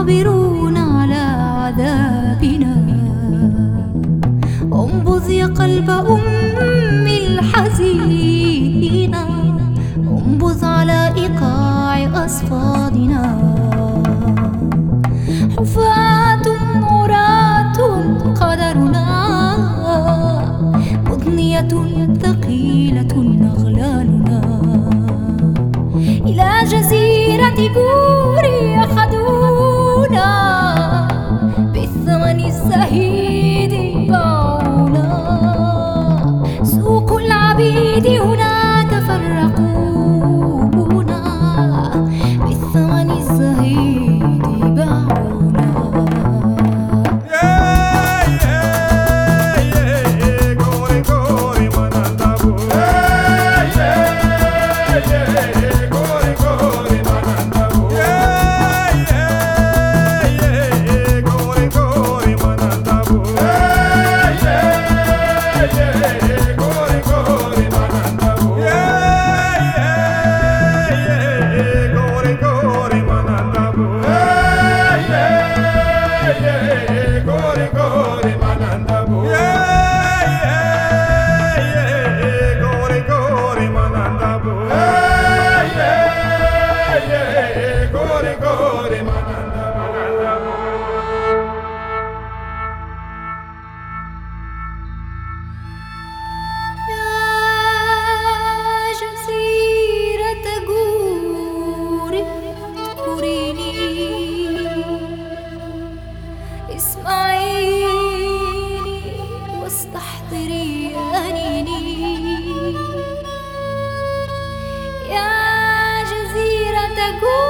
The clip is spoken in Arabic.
صابرون على عذابنا انبذ يا قلب أم الحزينة انبذ على إيقاع أصفادنا حفاة عراة قدرنا مضنية Gori Gori Mananda Mananda يا جزيرة جور اذكريني اسمعيني واستحضري أنيني يا جزيرة جور